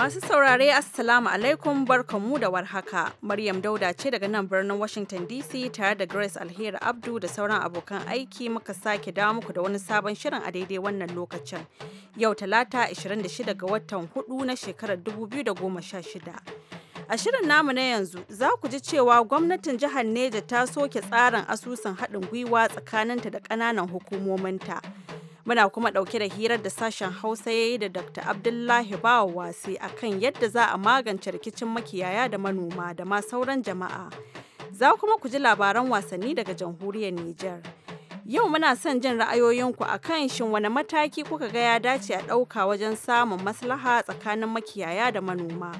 Masu saurare Assalamu alaikum barkamu da warhaka. Maryam Dauda ce daga nan birnin Washington DC tare da Grace Alheri Abdu da sauran abokan aiki muka sake dawo muku da wani sabon shirin a daidai wannan lokacin. Yau Talata 26 ga watan 4 na shekarar 2016. A shirin namu na yanzu za ku ji cewa gwamnatin jihar Neja ta soke tsarin asusun haɗin gwiwa tsakaninta da ƙananan hukumominta. Muna kuma ɗauke da hirar da sashen Hausa ya yi da Dr. Abdullahi Bawa Wasi akan yadda za a magance rikicin makiyaya da manoma da ma sauran jama'a. Za kuma ku ji labaran wasanni daga jamhuriyar Nijar. Yau muna son jin ra'ayoyinku a kan shin wani mataki kuka ga ya dace a ɗauka wajen samun maslaha tsakanin makiyaya da manoma.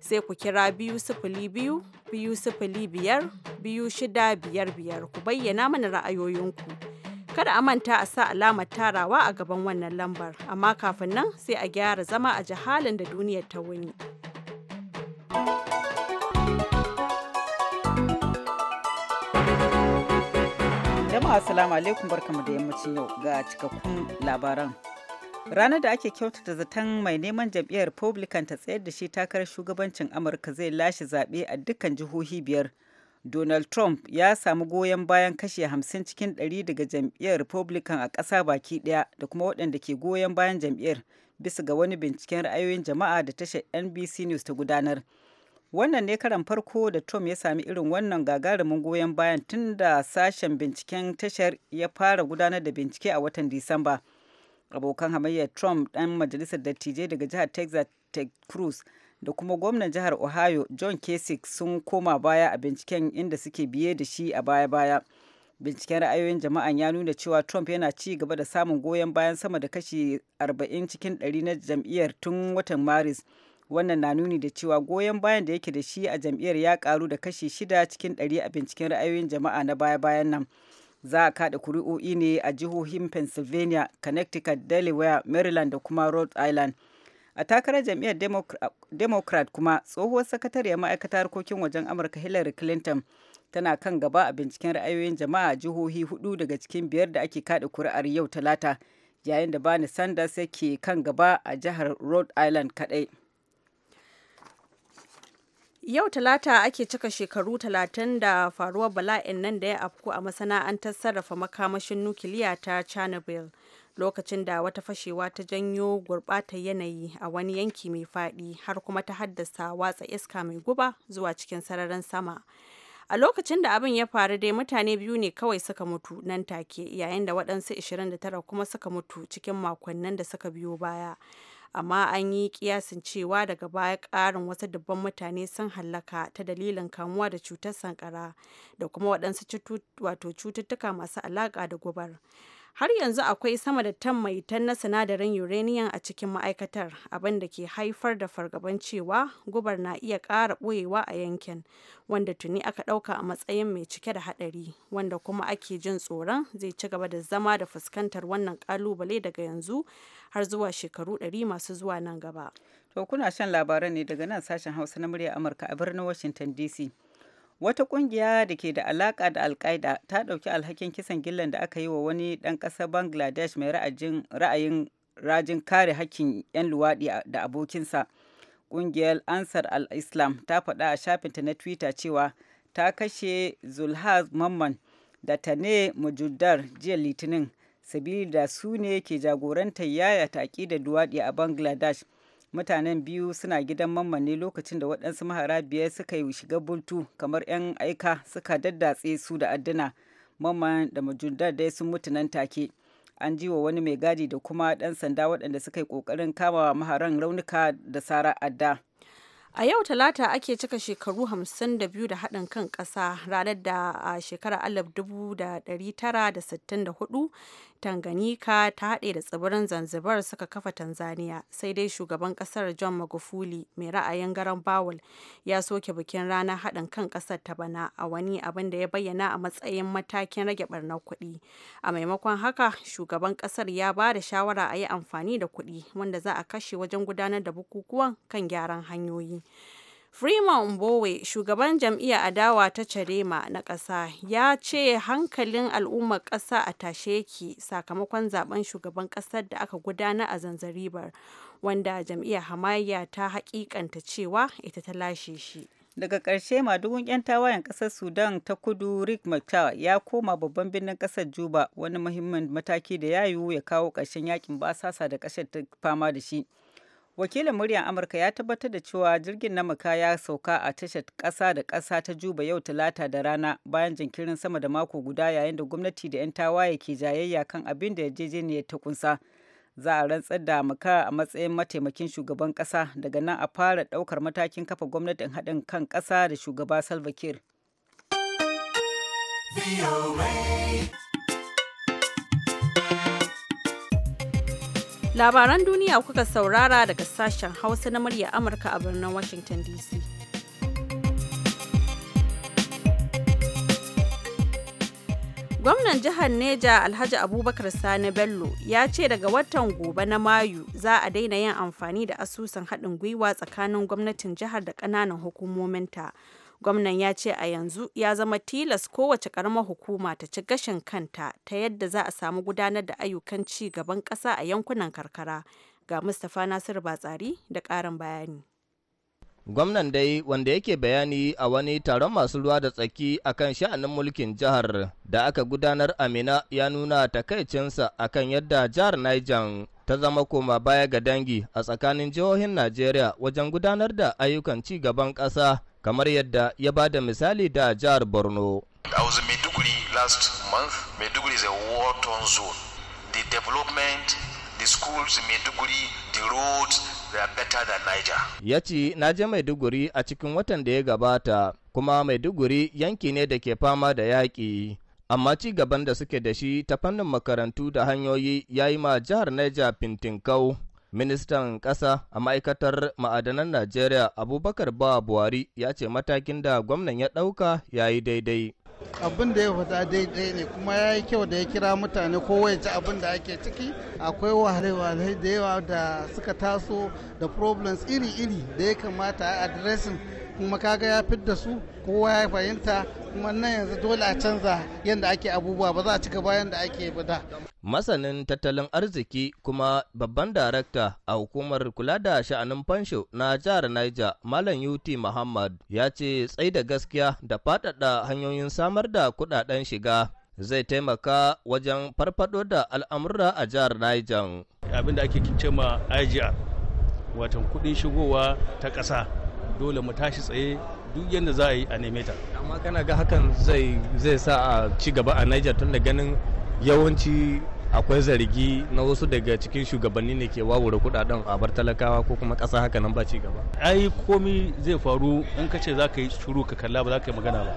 Sai ku kira biyu sifili biyu, biyu sifili biyar, biyu shida biyar biyar ku bayyana mana ra'ayoyinku. Kada a manta a sa alamar tarawa a gaban wannan lambar, amma kafin nan sai a gyara zama a jihalin da duniyar ta wuni. Jama'a salamu alaikum barkamu da yammacin yau ga cikakkun labaran. Ranar da ake kyautata zaton mai neman jam'iyyar Republican ta tsayar da shi takarar shugabancin Amurka zai lashe zaɓe a dukkan jihohi biyar. donald trump ya samu goyon bayan kashe 50 cikin 100 daga jam'iyyar republican a ƙasa baki ɗaya da kuma waɗanda ke goyon bayan jam'iyyar bisa ga wani binciken ra'ayoyin jama'a da tashar nbc news ta gudanar wannan ne karan farko da trump ya sami irin wannan gagarumin goyon bayan tun da sashen binciken tashar ya fara gudanar da bincike a watan disamba abokan hamayyar trump ɗan majalisar dattijai daga jihar texas ted cruz da kuma gwamnan jihar ohio john kasich sun koma baya a binciken inda suke biye da shi a baya-baya binciken ra'ayoyin jama'an ya nuna cewa trump yana ci gaba da samun goyon bayan sama da kashi 40 cikin 100 na jam'iyyar tun watan maris wannan na nuni da cewa goyon bayan da yake da shi a jam'iyyar ya karu da kashi shida cikin 100 a binciken ra'ayoyin jama'a na baya-bayan nan za a kada kuri'o'i ne a jihohin pennsylvania connecticut delaware maryland da kuma rhode island a takarar jam'iyyar democrat kuma tsohuwar sakatariyar ma'aikatar harkokin wajen amurka hillary clinton tana kan gaba a binciken ra'ayoyin jama'a a jihohi hudu daga cikin biyar da ake kada kuri'ar yau talata yayin da bani sanders yake kan gaba a jihar rhode island kadai Yau Talata ake cika shekaru talatin da faruwar bala'in nan da ya afku a masana'antar sarrafa makamashin nukiliya ta Chernobyl. lokacin da wata fashewa ta janyo gurɓatar yanayi a wani yanki mai faɗi har kuma ta haddasa watsa iska mai guba zuwa cikin sararin sama. A lokacin da abin ya faru dai mutane biyu ne kawai suka mutu nan take yayin da waɗansu 29 kuma suka mutu cikin makonnin da suka biyo baya. Amma an yi kiyasin cewa daga baya ƙarin wasu dubban mutane sun hallaka ta dalilin kamuwa da cutar sankara da kuma waɗansu cututtuka masu alaƙa da gubar. har yanzu akwai sama da tan maitan na sinadarin uranium a cikin ma'aikatar abin da ke haifar da fargaban cewa gubar na iya ƙara ɓoyewa a yankin wanda tuni aka ɗauka a matsayin mai cike da haɗari wanda kuma ake jin tsoron zai ci gaba da zama da fuskantar wannan ƙalubale daga yanzu har zuwa shekaru ɗari masu zuwa nan gaba. To kuna shan labaran ne daga nan sashen Hausa na murya Amurka a birnin Washington DC. wata ƙungiya da ke da alaƙa da alkaida ta ɗauki alhakin kisan gillan da aka yi wa wani ɗan ƙasar bangladesh mai ra'ayin rajin kare hakkin 'yan luwaɗi da abokinsa ƙungiyar ansar al-islam ta faɗa a shafinta na twitter cewa ta kashe zulhaz mamman da tane mujuddar jiya litinin sabili da su ne ke jagorantar yaya taƙi da luwaɗi a bangladesh mutanen biyu suna gidan mamma lokacin da waɗansu mahara biyar suka yi shiga bultu kamar 'yan aika suka daddatse su da adduna mamman da majundar dai sun mutu nan take an ji wa wani mai gadi da kuma ɗan sanda waɗanda suka yi ƙoƙarin kama maharan raunuka da sara adda A yau Talata ake cika shekaru 52 da haɗin kan ƙasa ranar da a shekarar 1964 Tanganyika ta haɗe da tsibirin Zanzibar suka kafa Tanzania, sai dai shugaban ƙasar John Magufuli mai ra'ayin garan Bawul ya soke bikin ranar haɗin kan ƙasar ta bana a wani abin da ya bayyana a matsayin matakin rage barna kuɗi. A maimakon haka, shugaban ƙasar ya ba da shawara a yi amfani da kuɗi wanda za a kashe wajen gudanar da bukukuwan kan gyaran hanyoyi. Freeman Mbowe, shugaban jam'iyyar adawa ta Chadema na ƙasa, ya ce hankalin al'ummar ƙasa a tashe yake sakamakon zaben shugaban ƙasar da aka gudana a Zanzaribar, wanda jam'iyyar hamayya ta hakikanta cewa ita ta lashe shi. Daga ƙarshe madugun 'yan tawayen ƙasar Sudan ta kudu Rick Machar ya koma babban birnin ƙasar Juba wani muhimmin mataki da ya yiwu ya kawo ƙarshen yakin basasa da ƙasar ta fama da shi. wakilin muryar amurka ya tabbatar da cewa jirgin na muka ya sauka a tashar ƙasa da ƙasa ta juba yau talata da rana bayan jinkirin sama da mako guda yayin da gwamnati da 'yan tawaye ke jayayya kan abin da yarjejeniyar ta kunsa za a rantsar da maka a matsayin mataimakin shugaban ƙasa daga nan a fara ɗaukar matakin kafa gwamnatin haɗin kan ƙasa da shugaba salva kiir Labaran duniya kuka saurara daga sashen Hausa na murya Amurka a birnin Washington DC. Gwamnan jihar Neja Alhaji Abubakar Sani Bello ya ce daga watan gobe na Mayu za a daina yin amfani da asusun haɗin gwiwa tsakanin gwamnatin jihar da ƙananan hukumominta. gwamnan ya ce a yanzu ya zama tilas kowace karamar hukuma ta ci gashin kanta ta yadda za a samu gudanar da ayyukan ci gaban ƙasa a yankunan karkara ga mustapha nasiru batsari da ƙarin bayani gwamnan dai wanda yake bayani a wani taron masu ruwa da tsaki akan sha'anin mulkin jihar da aka gudanar amina ya nuna takaicinsa a kan yadda jihar niger ta zama koma baya ga dangi a tsakanin jihohin najeriya wajen gudanar da ayyukan ci gaban ƙasa kamar yadda ya ba da misali da jihar borno The development, the schools in the roads, they are better than Ya ce, na je Maiduguri a cikin watan da ya gabata, kuma Maiduguri yanki ne da ke fama da yaƙi. Amma ci gaban da suke da shi ta fannin makarantu da hanyoyi ya yi ma jihar Niger fintinkau. Ministan ƙasa a ma'aikatar ma'adanan Najeriya Abubakar Bawa Buhari ya ce matakin da gwamnan ya ɗauka ya yi daidai. Abin da ya fata daidai ne kuma ya yi kyau da ya kira mutane kowace ya abin da ake ciki akwai wahale da yawa da suka taso da problems iri-iri da ya kamata a addressing kuma kaga ya fidda su kowa ya fahimta kuma nan yanzu dole a canza yadda ake abubuwa ba za a ci gaba yadda ake da. Masanin tattalin arziki kuma babban darakta a hukumar kula da sha'anin fansho na jihar Niger Malam ut Muhammad ya ce tsai da gaskiya da faɗaɗa hanyoyin samar da kuɗaɗen shiga zai taimaka wajen farfaɗo da al'amura a jihar Niger. abinda da ake cema IGR, watan kuɗin shigowa ta ƙasa. dole mu tashi tsaye duk yadda za a yi a neme ta amma kana ga hakan zai zai sa a ci gaba a Niger tun da ganin yawanci akwai zargi na wasu daga cikin shugabanni ne ke wawure kudaden a bar talakawa ko kuma kasa haka nan ba ci gaba ai komi zai faru in ka ce za ka yi shuru ka kalla ba za ka yi magana ba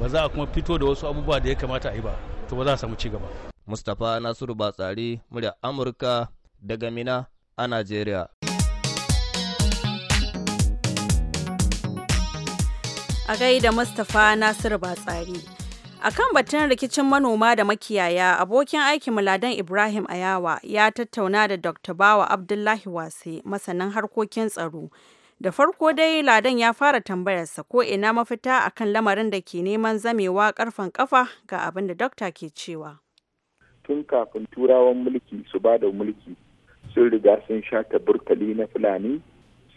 ba za a kuma fito da wasu abubuwa da ya kamata a yi ba to ba za a samu ci gaba mustapha nasiru batsari murya amurka daga mina a najeriya a gaida Mustapha Nasiru Batsari. A kan batun rikicin manoma da makiyaya, abokin aikin Muladan Ibrahim Ayawa ya tattauna da Dr. Bawa Abdullahi Wase, masanin harkokin tsaro. Da farko dai Ladan ya fara tambayarsa ko ina mafita akan lamarin da ke neman zamewa karfan kafa ga abin da dokta ke cewa. Tun kafin turawan mulki su ba da mulki sun riga sun shata burkali na Fulani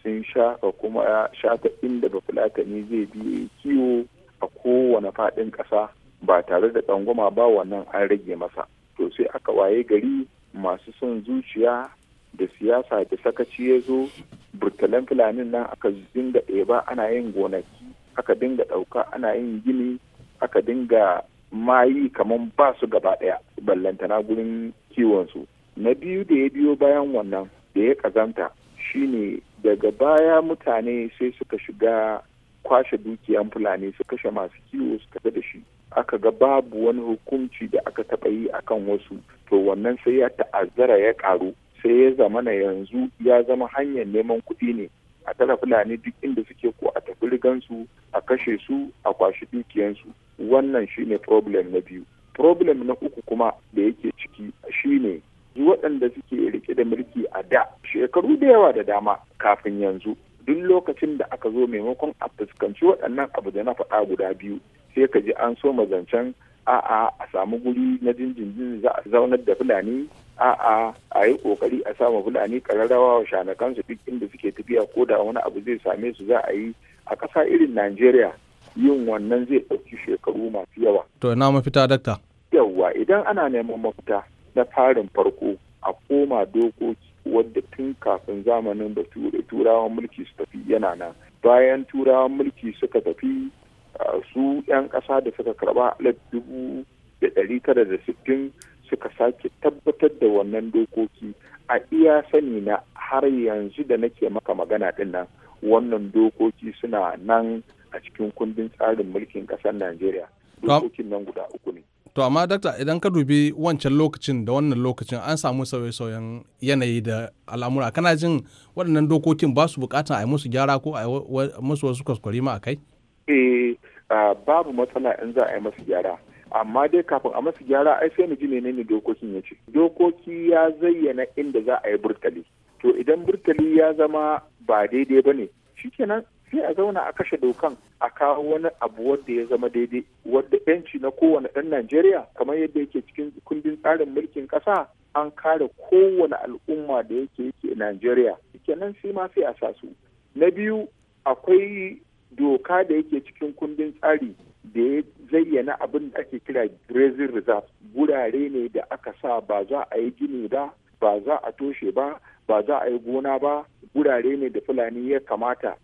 sun shafa kuma shata inda ba fulatani zai bi kiwo a kowane faɗin ƙasa ba tare da tsangwama ba wannan an rage masa to sai aka waye gari masu son zuciya da siyasa da sakaci ya zo burtalan fulanin nan aka dinga ɗeba ana yin gonaki aka dinga ɗauka ana yin gini aka dinga mayi kamar ba su gaba ɗaya ballantana gurin kiwonsu na biyu da ya biyo bayan wannan da ya ƙazanta shine daga baya mutane sai suka shiga kwashe dukiyan fulani su kashe masu kiwo su tafi da shi aka ga babu wani hukunci da aka taɓa yi a kan wasu to wannan sai ya ta'azzara ya ƙaru sai ya zama na yanzu ya zama hanyar neman kuɗi ne a tara fulani duk inda suke ko a tafi rigansu a kashe su a kwashe dukiyansu wannan shine problem na biyu problem na uku kuma da yake ciki shine ji waɗanda suke rike da mulki a da shekaru da yawa da dama kafin yanzu duk lokacin da aka zo maimakon a fuskanci waɗannan abu da na faɗa guda biyu sai ka ji an so mazancen a'a a samu guri na jinjinjin za a zaunar da fulani a'a a yi kokari a samu fulani kararrawa wa shanakansu duk inda suke tafiya ko da wani abu zai same su za a yi a ƙasa irin najeriya yin wannan zai ɗauki shekaru masu yawa. to ina mafita dakta. yawwa idan ana neman mafita na tarin farko a koma dokoki wadda tun kafin zamanin da turawan mulki su tafi yana nan bayan turawan mulki suka tafi su 'yan ƙasa da suka karba alif dubu da da sittin suka sake tabbatar da wannan dokoki a iya sani na har yanzu da nake maka magana din nan wannan dokoki suna nan a cikin kundin tsarin mulkin ƙasar najeriya dokokin nan guda uku ne to amma dakta idan ka dubi wancan lokacin da wannan lokacin an samu sauye-sauyen yanayi da al'amura kana jin waɗannan dokokin ba su bukatan a yi musu gyara ko a yi musu wasu kwaskwari ma a kai? eh babu matsala in za a yi musu gyara amma dai kafin a musu gyara ai sai mu ji menene dokokin ya ce dokoki ya zayyana inda za a yi burtali to idan burtali ya zama ba daidai ba ne shikenan sai a zauna a kashe dokan a kawo wani abu wanda ya zama daidai wadda yanci na kowane ɗan Najeriya kamar yadda yake cikin kundin tsarin mulkin ƙasa an kare kowane al'umma da yake yake Najeriya kenan sai ma sai a sa su na biyu akwai doka da yake cikin kundin tsari da ya zayyana abin da ake kira grazing reserve gurare ne da aka sa ba za a yi gini ba ba za a toshe ba ba za a yi gona ba gurare ne da fulani ya kamata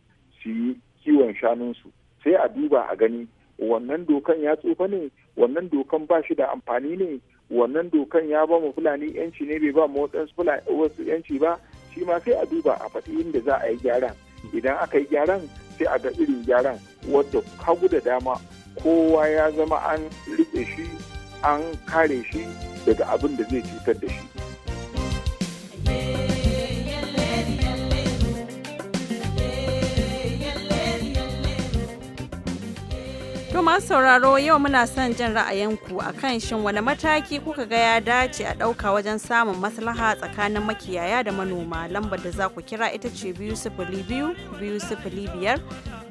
su yi kiwon shanunsu sai a duba a gani wannan dokan ya tsufa ne wannan dokan ba shi da amfani ne wannan dokan ya ba mu fulani yanci ne bai ba mu wasu yanci ba shi ma sai a duba a faɗi inda za a yi gyaran idan aka yi gyaran sai a ga irin gyaran wadda hagu da dama kowa ya zama an riƙe shi an kare shi daga abin da zai cutar da shi. To masu sauraro yau muna son jin ra'ayinku a kan shin wani mataki kuka ga ya dace a ɗauka wajen samun maslaha tsakanin makiyaya da manoma lambar da za ku kira ita ce biyu sifili biyu biyu sifili biyar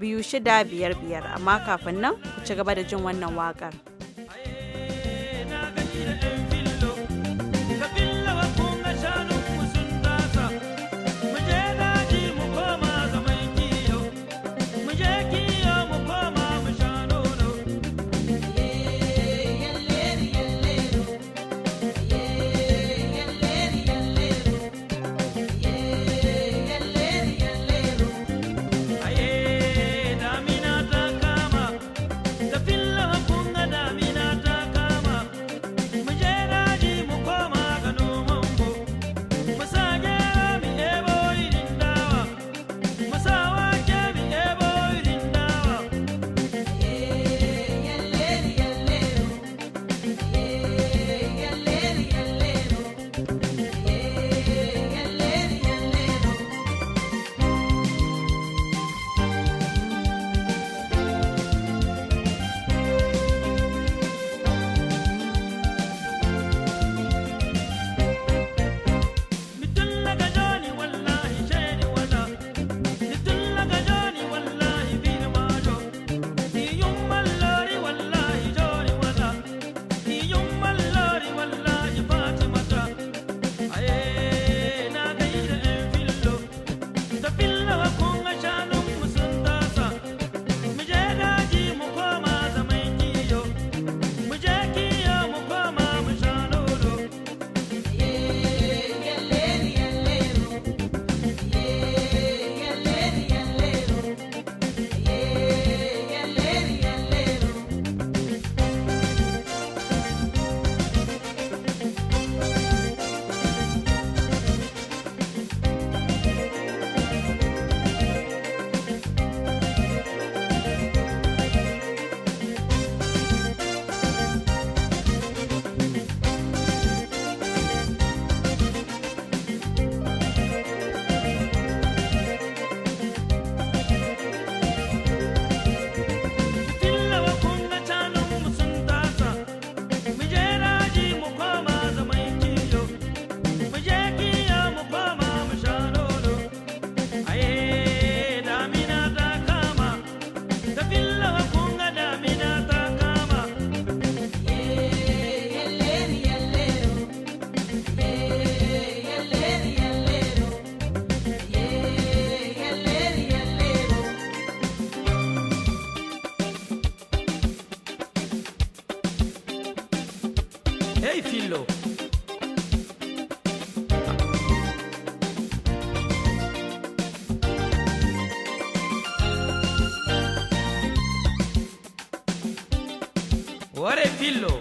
biyu shida biyar biyar amma kafin nan ku ci gaba da jin wannan waƙar. What a pillow!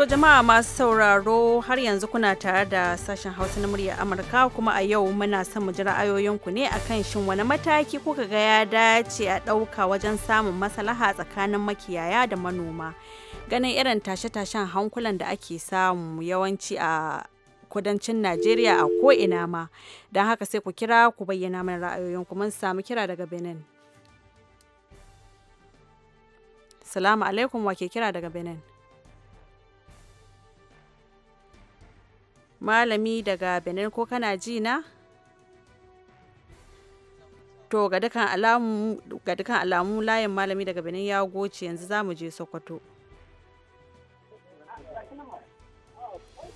To jama'a masu sauraro har yanzu kuna tare da sashen Hausa na murya Amurka kuma a yau muna son mu ji ra'ayoyinku ne akan shin wani mataki kuka ga ya dace a ɗauka wajen samun maslaha tsakanin makiyaya da manoma. Ganin irin tashe-tashen hankulan da ake samu yawanci a kudancin Najeriya a ko'ina ma. Don haka sai ku kira ku bayyana mana ra'ayoyinku mun samu kira daga Benin. Salamu alaikum wa ke kira daga Benin. malami daga benin ko kana ji na to ga dukan alamu ga alamu layin malami daga benin ya goce yanzu za mu je sokoto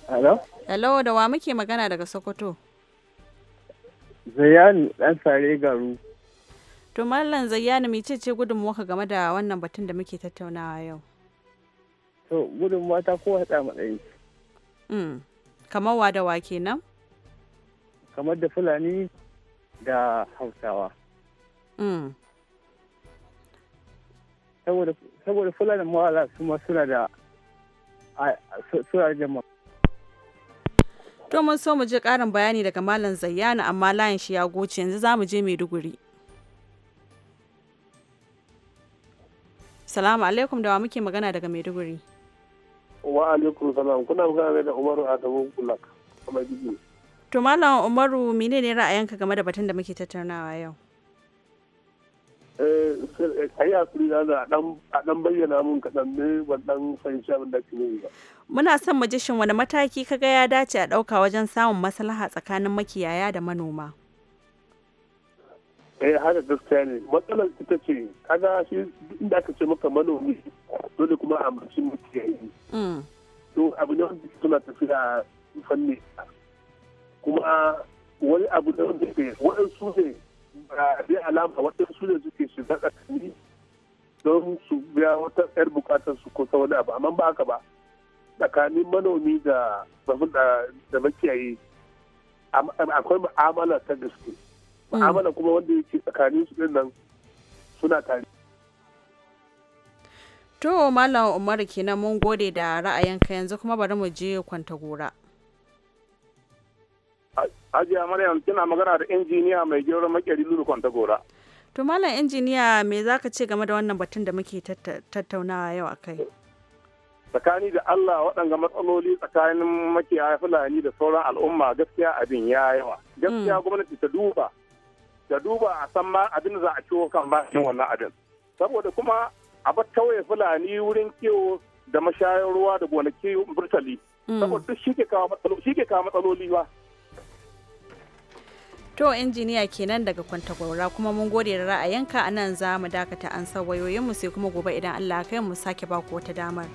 hello hello da wa muke magana daga sokoto zayani dan sare garu to mallam zayanu mece ce gudunmuwa game da wannan batun da muke tattaunawa yau to gudunmuwa ta kowa ta matsayi kamar wa da wa kenan kamar da fulani da hausawa mm. saboda fulani mawala su suna da suna da domin mun so mu je karin bayani daga malam zayyana amma layin shi ya goce yanzu za mu je maiduguri salamu alaikum da wa muke magana daga maiduguri wa alaikum salam kuna magana da umaru adamu kulak kuma gidi to malam umaru menene ra'ayinka game da batun da muke tattaunawa yau eh, eh, a yi hakuri na a dan bayyana mun kaɗan ne ban dan fahimci abin da kake ba. Muna son mu ji shin wani mataki kaga ya dace a ɗauka wajen samun maslaha tsakanin makiyaya da manoma. ya eh, haka gaskiya ne matsalar ita ce kaga shi inda aka ce maka manomi dole kuma a mace mutiyayi mm. to abu ne wanda suna tafiya fanni kuma wani abu da wanda ke waɗansu ne ba zai alama waɗansu ne suke shiga tsakani don su biya wata yar bukatar su ko ta wani abu amma ba haka ba tsakanin manomi da da makiyayi akwai ma'amala ta gaske mu'amala kuma wanda yake tsakanin su din nan suna tare to malam umar kenan mun gode da ra'ayinka yanzu kuma bari mu je kwanta gora Hajiya Maryam kina magana da injiniya mai gero makeri Lulu Kwantagora. To malam injiniya me za ka ce game da wannan batun da muke tattaunawa yau akai? Tsakani da Allah waɗanga matsaloli tsakanin makiyaya Fulani da sauran al'umma gaskiya abin ya yawa. Gaskiya mm. gwamnati ta duba da duba a san ma abin za a ciwo kan bakin wannan abin saboda kuma a bar tauye fulani wurin kiwo da mashayar ruwa da gonaki burtali mm. saboda duk shi ke kawo matsaloli ba To injiniya kenan daga kwantagwaura kuma mun gode da ra'ayinka a nan za mu dakata an wayoyinmu sai kuma gobe idan Allah kai mu sake baku wata damar.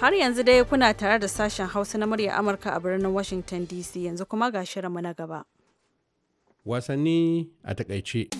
Har yanzu dai kuna tare da sashen Hausa na murya Amurka a birnin Washington DC yanzu kuma ga shirinmu na gaba. Wasanni a takaice.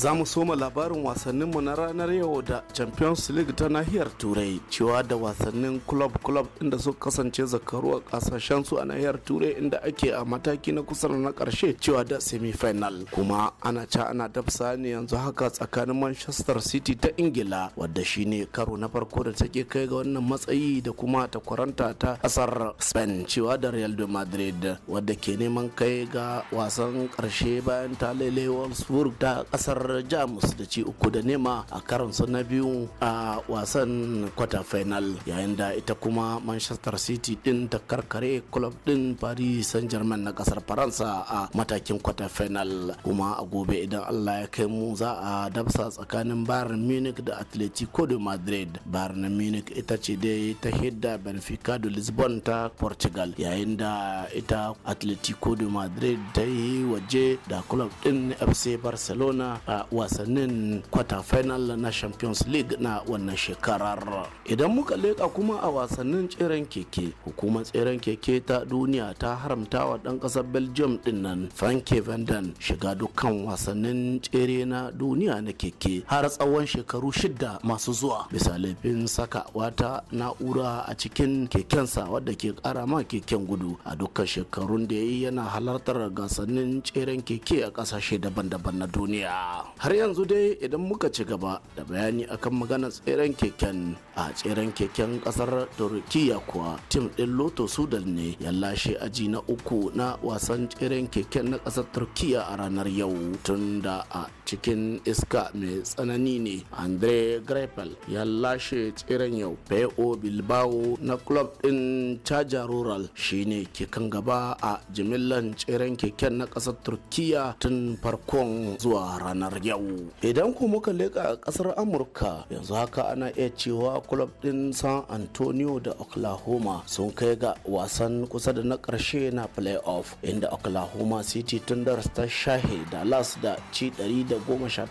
za mu soma labarin wasanninmu na ranar yau da champions league ta nahiyar turai cewa da wasannin club club inda suka kasance zakaru a kasashen su a nahiyar turai inda ake a mataki na kusa na karshe cewa da semi-final kuma ana ca ana tafsa ne yanzu haka tsakanin manchester city ta ingila wadda shine karo na farko da take kai ga wannan matsayi da kuma ta kwaranta ta kasar spain cewa da real de madrid wadda ke neman kai ga wasan karshe bayan ta lele wolfsburg ta kasar kasar jamus da ci uku da nema a karansu na biyu a wasan quarter final yayin da ita kuma manchester city din ta karkare club din paris saint germain na kasar faransa a matakin quarter final kuma a gobe idan allah ya kai mu za a dabsa tsakanin bayern munich da atletico de madrid bayern munich ita ce dai ta hidda benfica da lisbon ta portugal yayin da ita atletico de madrid ta yi waje da club din fc barcelona a wasannin kwata final na champions league na wannan shekarar idan muka leka kuma a wasannin tseren keke hukumar tseren keke ta duniya ta haramta wa dan kasar belgium dinnan. nan franke vanden shiga dukkan wasannin tsere na duniya na keke har tsawon shekaru shida masu zuwa bisa laifin saka wata na'ura a cikin kekensa wadda ke kara ma keken gudu a dukkan shekarun da ya yi yana halartar gasannin tseren keke a kasashe daban-daban na duniya har yanzu dai idan muka ci gaba da bayani akan magana tseren keken a tseren keken kasar turkiya kuwa tim din loto sudan ne ya lashe aji na uku na wasan tseren keken na kasar turkiya a ranar yau tunda a cikin iska mai tsanani ne andre greipel ya lashe tseren yau peo bilbao na club din charger rural shine ke kan gaba a jimillan tseren keken na kasar turkiya tun farkon zuwa ranar yau idan ku muka leka kasar amurka yanzu haka ana iya cewa club din san antonio da oklahoma sun kai ga wasan kusa da na karshe na playoff inda oklahoma city tun ta shahe dallas da ci 100 da sha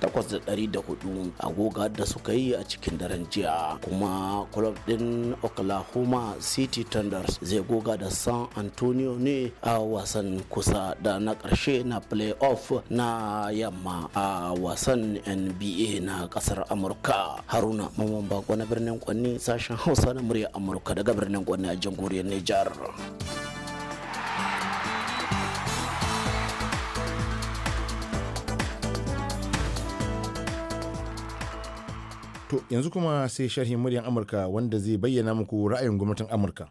agoga da suka yi a cikin daren jiya kuma club din oklahoma city thunders zai goga da san antonio ne a wasan kusa da na karshe na playoff na yamma a wasan nba na kasar amurka haruna mamman bako na birnin kwanni sashen hausa na murya amurka daga birnin kwanni a jamhuriyar nijar To yanzu kuma sai sharhin muryan Amurka wanda zai bayyana muku ra'ayin gwamnatin Amurka.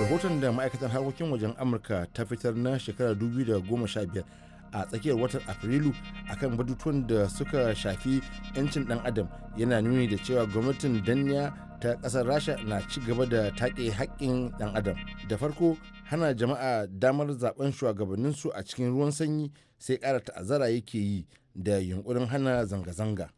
Rahoton da ma'aikatar harkokin wajen Amurka ta fitar na shekarar 2015 a tsakiyar watan Afrilu akan batutuwan da suka shafi 'yancin ɗan adam yana nuni da cewa gwamnatin danniya ta ƙasar Rasha na ci gaba da take haƙƙin ɗan adam. Da farko hana jama'a damar zaben shugabanninsu a cikin ruwan sanyi sai ƙara ta'azara yake yi da yunkurin hana zanga-zanga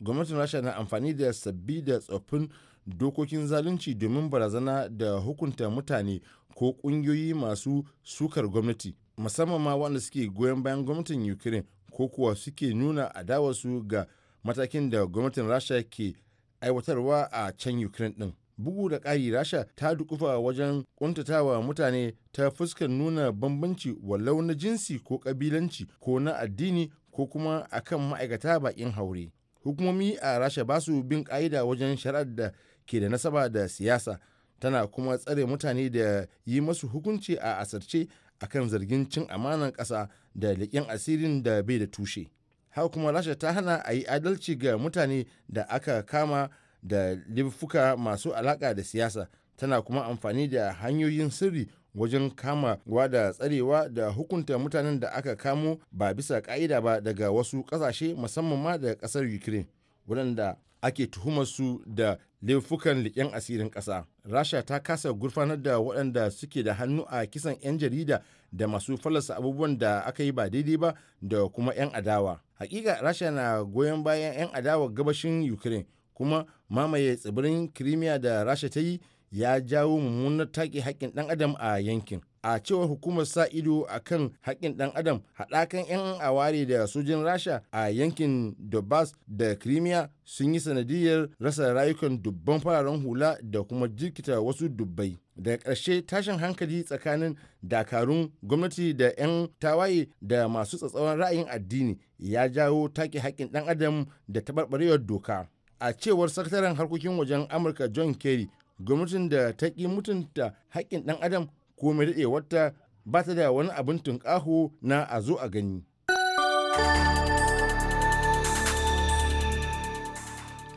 gwamnatin rasha na amfani da sabbi da tsoffin dokokin zalunci domin barazana da hukunta mutane ko kungiyoyi masu sukar gwamnati musamman ma wanda suke goyon bayan gwamnatin ukraine ko kuwa suke nuna adawarsu ga matakin da gwamnatin rasha ke aiwatarwa a can ukraine din bugu da ƙari rasha ta dukufa wajen ƙuntatawa mutane ta fuskar nuna bambanci walau na jinsi ko ƙabilanci ko na addini ko kuma a kan ma'aikata baƙin haure hukumomi a rasha ba su bin ƙa'ida wajen shari'ar da ke da nasaba da siyasa tana kuma tsare mutane da yi masu hukunci a asarce a kan zargin cin amanan ƙasa da liƙin asirin da bai da tushe haka kuma rasha ta hana a yi adalci ga mutane da aka kama da laifuka masu alaƙa da siyasa tana kuma amfani da hanyoyin sirri wajen kama wa da tsarewa da hukunta mutanen da aka kamo ba bisa ka'ida ba daga wasu kasashe musamman ma daga kasar ukraine waɗanda ake tuhumar su da laifukan liƙen asirin ƙasa rasha ta kasa gurfanar da waɗanda suke da hannu a kisan 'yan jarida da masu fallasa abubuwan da aka yi ba daidai ba da kuma 'yan adawa hakika rasha na goyon bayan 'yan adawa gabashin ukraine kuma mamaye tsibirin kirimiya da rasha ta yi ya jawo mummunar take haƙƙin ɗan adam a yankin a cewar hukumar sa ido a kan haƙƙin ɗan adam haɗakan 'yan aware da sojin rasha a yankin dobas da crimea sun yi sanadiyar rasa rayukan dubban fararen hula da kuma jirkita wasu dubbai daga ƙarshe tashin hankali tsakanin dakarun gwamnati da 'yan tawaye da masu tsatsauran ra'ayin addini ya jawo take haƙƙin ɗan adam da taɓarɓarewar doka a cewar sakataren harkokin wajen amurka john kerry gwamnatin da ta ƙi mutunta haƙƙin ɗan adam ko mai daɗe wata ba ta da wani abin tunƙaho na a zo a gani.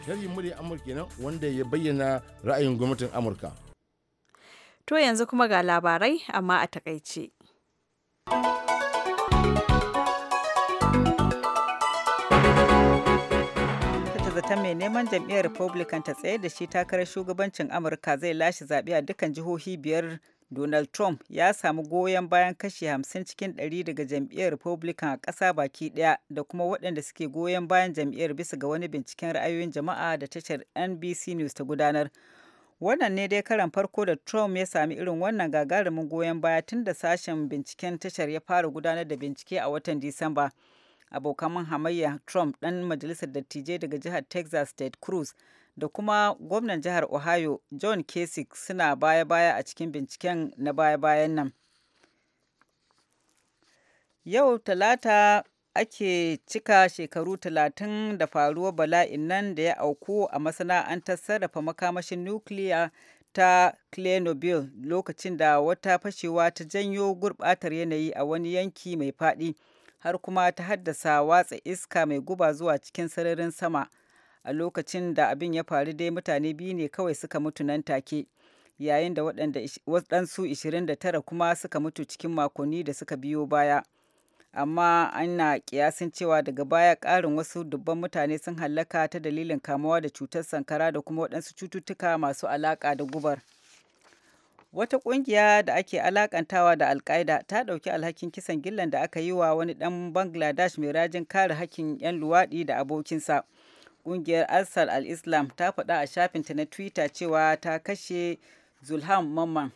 Shari'in murya Amurka nan wanda ya bayyana ra'ayin gwamnatin Amurka. To yanzu kuma ga labarai amma a takaice. ta mai neman jam'iyyar republican ta tsaye da shi takarar shugabancin amurka zai lashe zaɓe a dukkan jihohi biyar donald trump ya samu goyon bayan kashi hamsin cikin ɗari daga jam'iyyar republican a ƙasa baki ɗaya da kuma waɗanda suke goyon bayan jam'iyyar bisa ga wani binciken ra'ayoyin jama'a da tashar nbc news ta gudanar wannan ne dai karan farko da trump ya sami irin wannan gagarumin goyon baya tun da sashen binciken tashar ya fara gudanar da bincike a watan disamba. abokan hamayya trump ɗan majalisar dattijai daga jihar texas state cruz da kuma gwamnan jihar ohio john kasich suna baya-baya a cikin binciken na baya-bayan nan yau talata ake cika shekaru talatin da faruwar bala'in nan da ya auku a masana'antar sarrafa makamashin nukiliya ta clenobil lokacin da wata fashewa ta janyo gurɓatar yanayi a wani yanki mai faɗi. har kuma ta haddasa watsa iska mai guba zuwa cikin sararin sama a lokacin da abin ya faru dai mutane biyu ne kawai suka mutu nan take yayin da waɗansu 29 kuma suka mutu cikin makonni da suka biyo baya amma ana kiyasin cewa daga baya ƙarin wasu dubban mutane sun hallaka ta dalilin kamuwa da cutar sankara da kuma waɗansu cututtuka masu alaƙa da gubar. Wata ƙungiya da ake alakantawa da Al-Qaeda ta ɗauki alhakin kisan gillan da aka yi wa wani ɗan Bangladesh mai rajin kare hakkin 'yan luwaɗi da abokinsa. Ƙungiyar Ansar al-Islam ta faɗa a shafinta na Twitter cewa ta kashe Zulham Mamman.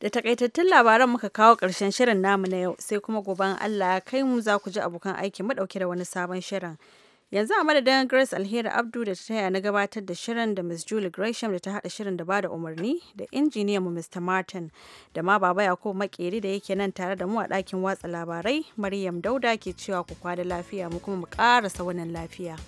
Da takaitattun labaran muka kawo ƙarshen shirin namu na yau sai kuma gobe Allah kai mu za ku ji abokan aiki mu ɗauke da wani sabon shirin. Yanzu a madadin Grace Alheri Abdu da ta taya na gabatar da shirin da Miss Julie Gresham da ta hada shirin da ba da umarni da injiniyan mu Mr. Martin da ma Baba Yakubu Makeri da yake nan tare da mu a ɗakin watsa labarai Maryam Dauda ke cewa ku kwada lafiya mu kuma mu ƙarasa wannan lafiya.